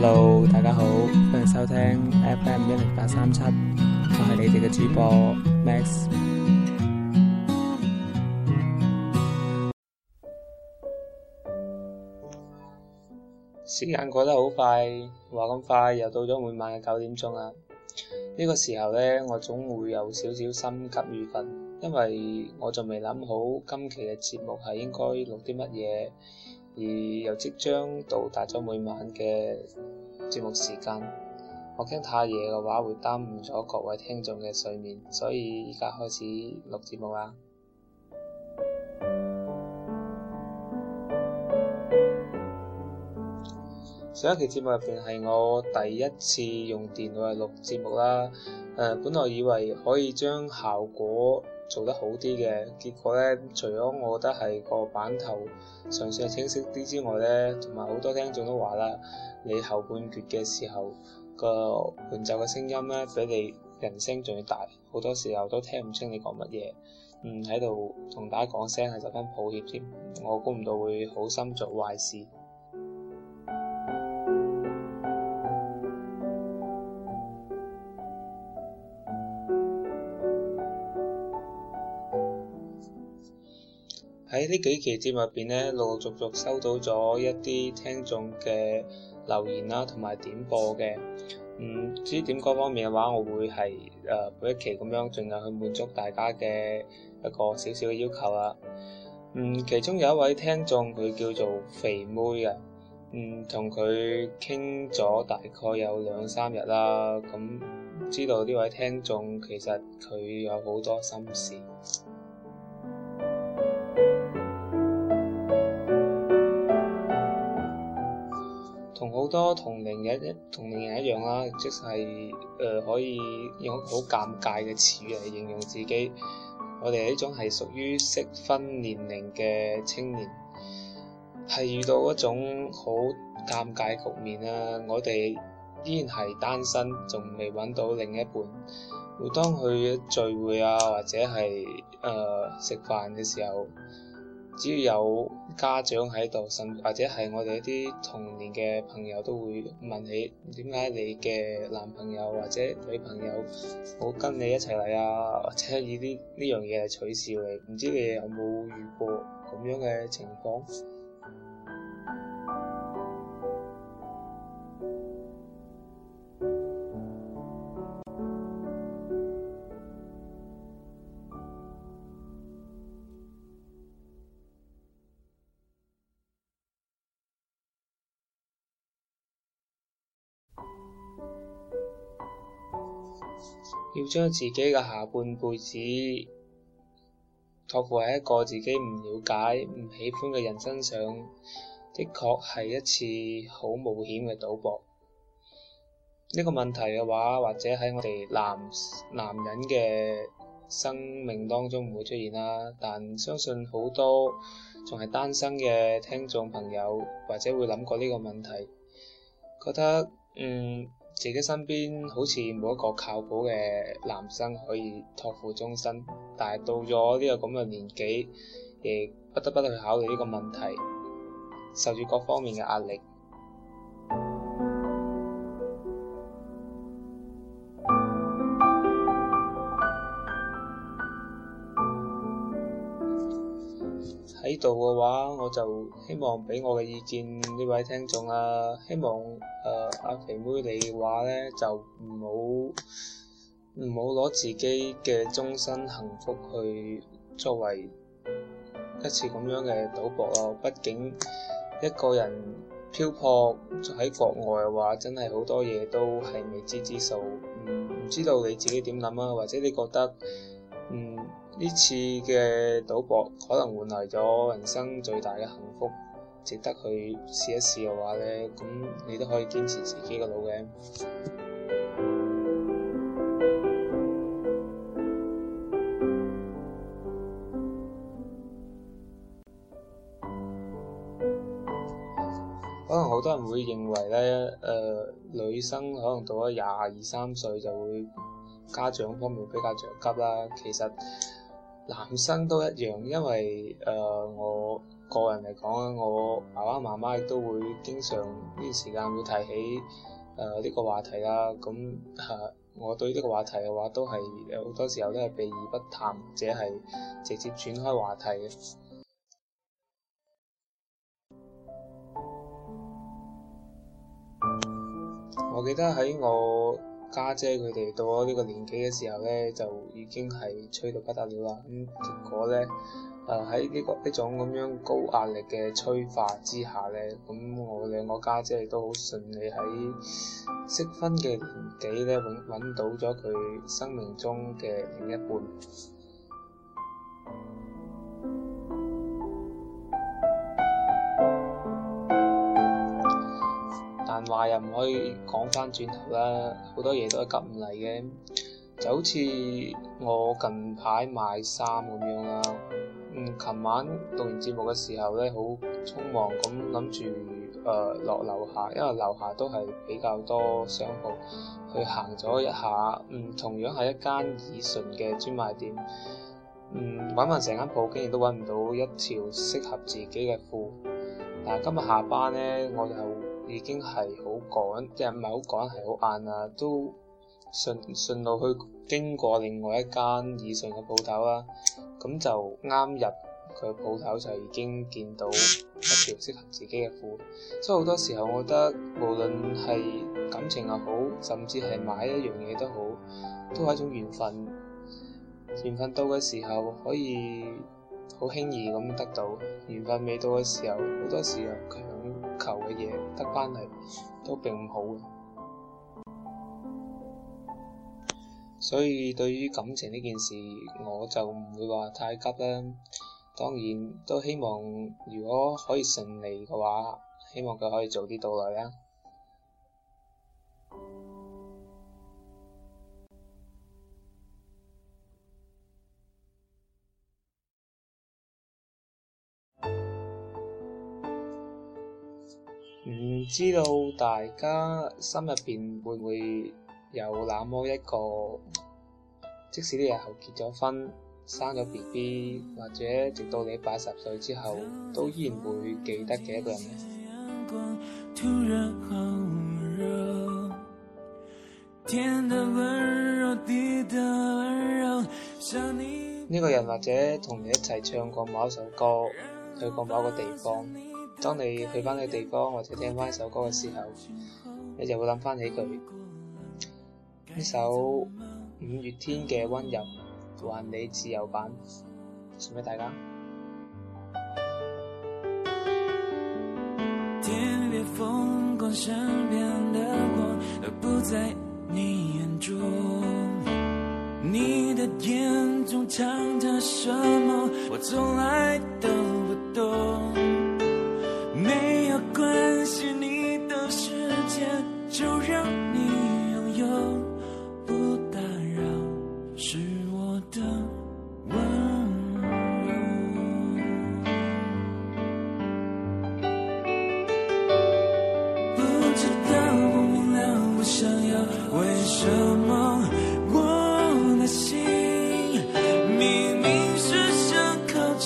Hello，大家好，歡迎收聽 FM 一零八三七，我係你哋嘅主播 Max。時間過得好快，話咁快又到咗每晚嘅九點鐘啦。呢個時候呢，我總會有少少心急如焚，因為我仲未諗好今期嘅節目係應該錄啲乜嘢。而又即將到達咗每晚嘅節目時間，我驚太夜嘅話會耽誤咗各位聽眾嘅睡眠，所以而家開始錄節目啦。 上一期節目入邊係我第一次用電腦去錄節目啦，誒、呃、本來以為可以將效果做得好啲嘅，結果咧，除咗我覺得係個版頭純粹係清晰啲之外咧，同埋好多聽眾都話啦，你後半決嘅時候，個伴奏嘅聲音咧，比你人聲仲要大，好多時候都聽唔清你講乜嘢。嗯，喺度同大家講聲係十分抱歉添，我估唔到會好心做壞事。呢幾期節目入邊咧，陸陸續續收到咗一啲聽眾嘅留言啦，同埋點播嘅。唔、嗯、知點歌方面嘅話，我會係誒每一期咁樣盡量去滿足大家嘅一個少少嘅要求啊。嗯，其中有一位聽眾，佢叫做肥妹啊，嗯，同佢傾咗大概有兩三日啦。咁、嗯、知道呢位聽眾其實佢有好多心事。多同齡人一同齡人一樣啦，即係誒、呃、可以用好尷尬嘅詞語嚟形容自己。我哋呢種係屬於適婚年齡嘅青年，係遇到一種好尷尬局面啊。我哋依然係單身，仲未搵到另一半。每當去聚會啊，或者係誒食飯嘅時候，只要有家長喺度，甚至或者係我哋一啲童年嘅朋友都會問你，點解你嘅男朋友或者女朋友冇跟你一齊嚟啊？或者以呢呢樣嘢嚟取笑你，唔知你有冇遇過咁樣嘅情況？要將自己嘅下半輩子托付喺一個自己唔了解、唔喜歡嘅人身上，的確係一次好冒險嘅賭博。呢個問題嘅話，或者喺我哋男男人嘅生命當中唔會出現啦，但相信好多仲係單身嘅聽眾朋友，或者會諗過呢個問題，覺得嗯。自己身邊好似冇一個靠譜嘅男生可以託付終身，但係到咗呢個咁嘅年紀，亦不得不去考慮呢個問題，受住各方面嘅壓力。度嘅話，我就希望俾我嘅意見呢位聽眾啊，希望誒阿、呃、肥妹你嘅話咧，就唔好，唔好攞自己嘅終身幸福去作為一次咁樣嘅賭博咯。畢竟一個人漂泊喺國外嘅話，真係好多嘢都係未知之數。唔、嗯、唔知道你自己點諗啊？或者你覺得，嗯？呢次嘅賭博可能換嚟咗人生最大嘅幸福，值得去試一試嘅話呢，咁你都可以堅持自己個腦嘅。 可能好多人會認為呢，誒、呃、女生可能到咗廿二三歲就會家長方面比較着急啦。其實，男生都一樣，因為誒、呃，我個人嚟講啊，我爸爸媽媽亦都會經常呢段時間會提起誒呢、呃呢個話題啦。咁、啊、嚇、啊，我對呢個話題嘅話都係好多時候都係避而不談，或者係直接轉開話題嘅。我記得喺我家姐佢哋到咗呢個年紀嘅時候咧，就已經係催到不得了啦。咁結果咧，誒喺呢個呢種咁樣高壓力嘅催化之下咧，咁我兩個家姐亦都好順利喺適婚嘅年紀咧揾揾到咗佢生命中嘅另一半。話又唔可以講翻轉頭啦，好多嘢都係急唔嚟嘅，就好似我近排買衫咁樣啦。嗯，琴晚導完節目嘅時候咧，好匆忙咁諗住誒落樓下，因為樓下都係比較多商鋪，去行咗一下，嗯，同樣係一間以純嘅專賣店，嗯，揾返成間鋪，竟然都揾唔到一條適合自己嘅褲。但係今日下班咧，我就已經係好趕，即係唔係好趕，係好晏啊！都順順路去經過另外一間以上嘅鋪頭啦。咁就啱入佢鋪頭，就已經見到一條適合自己嘅褲。所以好多時候，我覺得無論係感情又好，甚至係買一樣嘢都好，都係一種緣分。緣分到嘅時候可以好輕易咁得到，緣分未到嘅時候，好多時候強求嘅嘢得翻嚟，都並唔好，所以對於感情呢件事，我就唔會話太急啦。當然都希望，如果可以順利嘅話，希望佢可以早啲到來啦。唔知道大家心入邊會唔會有那麼一個，即使呢日後結咗婚、生咗 BB，或者直到你八十歲之後，都依然會記得嘅一個人呢？呢個人或者同你一齊唱過某首歌，去過某個地方。當你去翻你地方，或者聽翻一首歌嘅時候，你就會諗翻起佢。呢首五月天嘅《溫柔》，還你自由版，送畀大家。天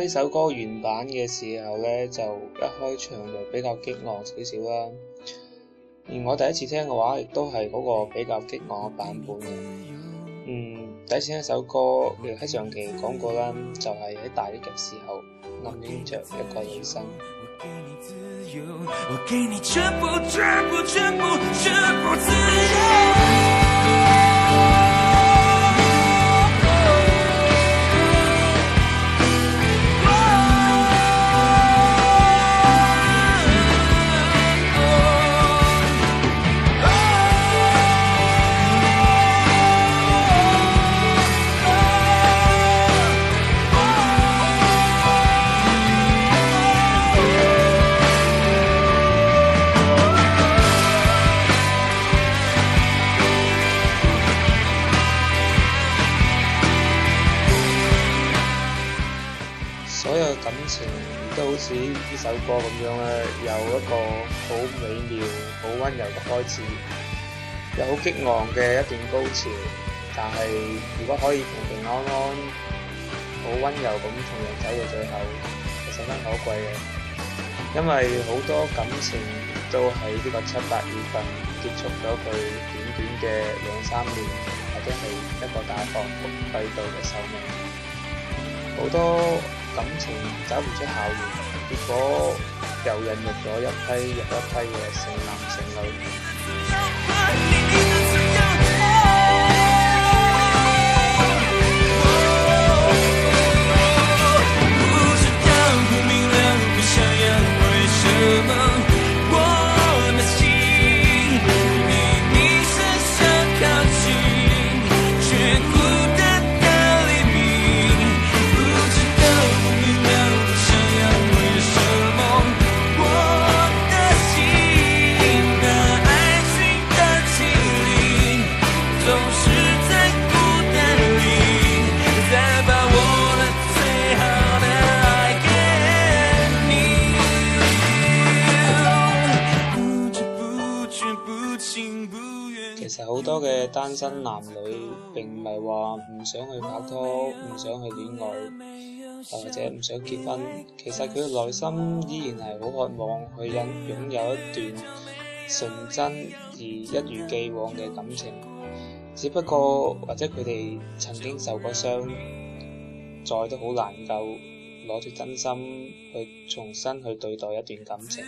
呢首歌原版嘅時候咧，就一開場就比較激昂少少啦。而我第一次聽嘅話，亦都係嗰個比較激昂嘅版本嘅。嗯，第一次聽一首歌，亦喺上期講過啦，就係、是、喺大一嘅時候暗戀着一個女生。呢首歌咁樣咧，有一個好美妙、好溫柔嘅開始，有好激昂嘅一段高潮，但係如果可以平平安安、好溫柔咁同樣走到最後，係十分可貴嘅。因為好多感情都喺呢個七八月份結束咗，佢短短嘅兩三年，或者係一個大學季度嘅壽命，好多感情走唔出校園。結果又孕育咗一批又一批嘅剩男剩女。 單身男女並唔係話唔想去拍拖，唔想去戀愛，或者唔想結婚。其實佢嘅內心依然係好渴望去擁擁有一段純真而一如既往嘅感情。只不過或者佢哋曾經受過傷，再都好難夠攞住真心去重新去對待一段感情。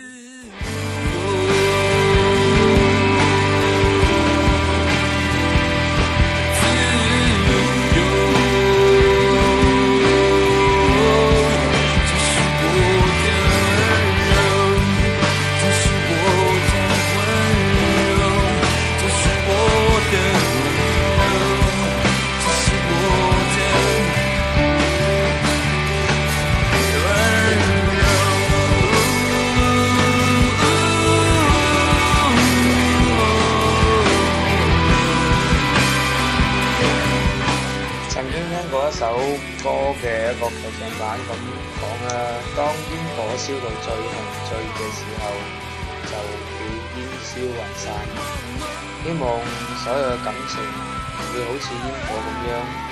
到最紅最熱嘅時候，就會煙消雲散。希望所有嘅感情，會好似煙火咁樣，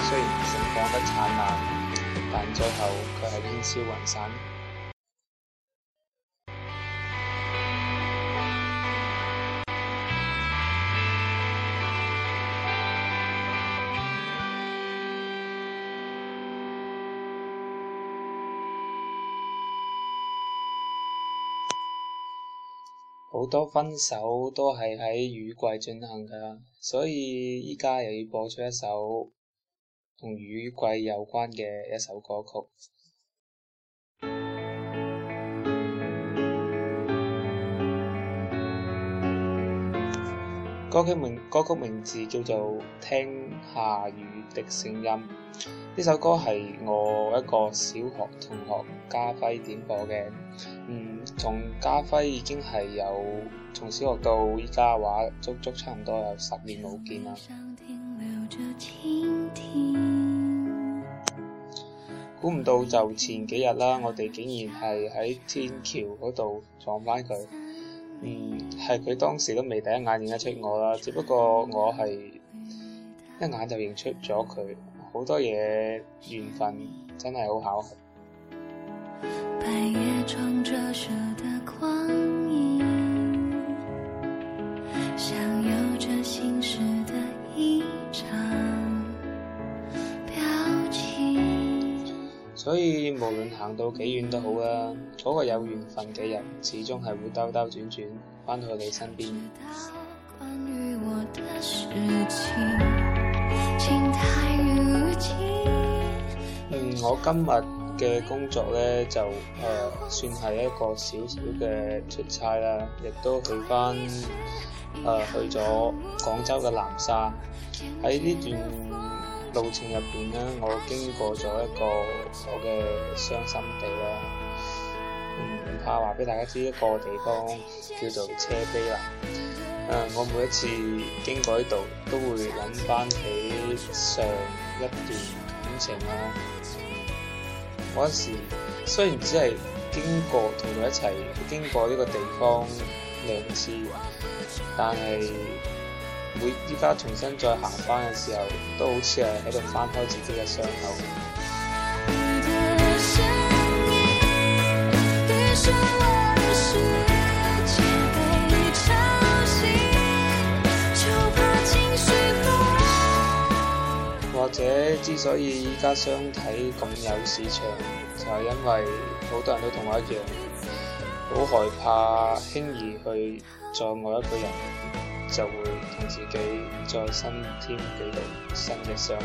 雖然盛放得燦爛，但最後卻係煙消雲散。好多分手都係喺雨季進行㗎，所以依家又要播出一首同雨季有關嘅一首歌曲。歌曲名，歌曲名字叫做《聽下雨的聲音》，呢首歌係我一個小學同學家輝點播嘅，嗯，從家輝已經係有從小學到依家嘅話，足足差唔多有十年冇見啦。估唔到就前幾日啦，我哋竟然係喺天橋嗰度撞返佢。嗯，係佢當時都未第一眼認得出我啦，只不過我係一眼就認出咗佢，好多嘢緣分真係好巧合。嗯，所以無論行到幾遠都好啦，嗰、那個有緣分嘅人始終係會兜兜轉轉翻去你身邊。 嗯，我今日嘅工作咧就誒、呃、算係一個小小嘅出差啦，亦都、呃、去翻誒去咗廣州嘅南沙，喺呢段。路程入邊呢，我經過咗一個我嘅傷心地啦。嗯，唔怕話俾大家知一個地方叫做車陂啦。誒、呃，我每一次經過呢度，都會諗翻起上一段感情啦。嗰陣時雖然只係經過同佢一齊經過呢個地方兩次，但係，每依家重新再行翻嘅時候，都好似係喺度翻開自己嘅傷口。 或者之所以依家相睇咁有市場，就係、是、因為好多人都同我一樣，好害怕輕易去再愛一個人。就會同自己再增添幾道新的傷口。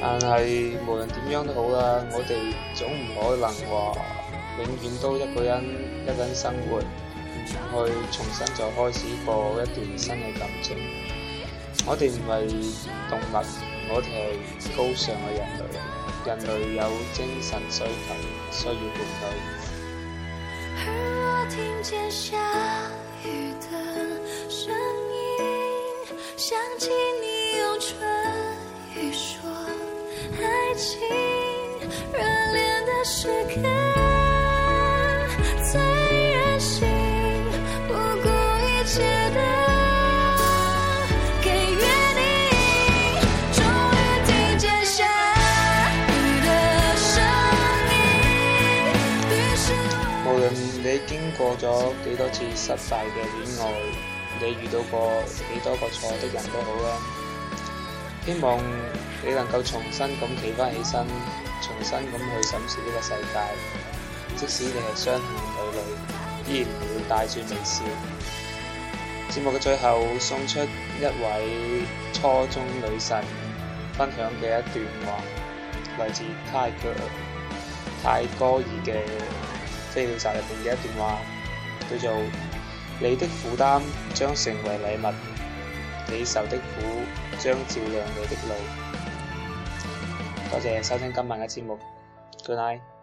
但係無論點樣都好啦，我哋總唔可能話，永遠都一個人，一個人生活，去重新再開始過一段新嘅感情。我哋唔係動物，我哋係高尚嘅人類。人類有精神需求，需要伴侶。而我聽見下雨的聲音，想起你用唇語說愛情熱戀的時刻。做咗幾多次失敗嘅戀愛，你遇到過幾多個錯的人都好啦。希望你能夠重新咁企翻起身，重新咁去審視呢個世界。即使你係傷痕累累，依然會帶住微笑。節目嘅最後送出一位初中女神分享嘅一段話，來自泰劇《泰戈爾》嘅《飛鳥集》入邊嘅一段話。叫做你的負擔將成為禮物，你受的苦將照亮你的路。多謝收聽今晚嘅節目，Good night。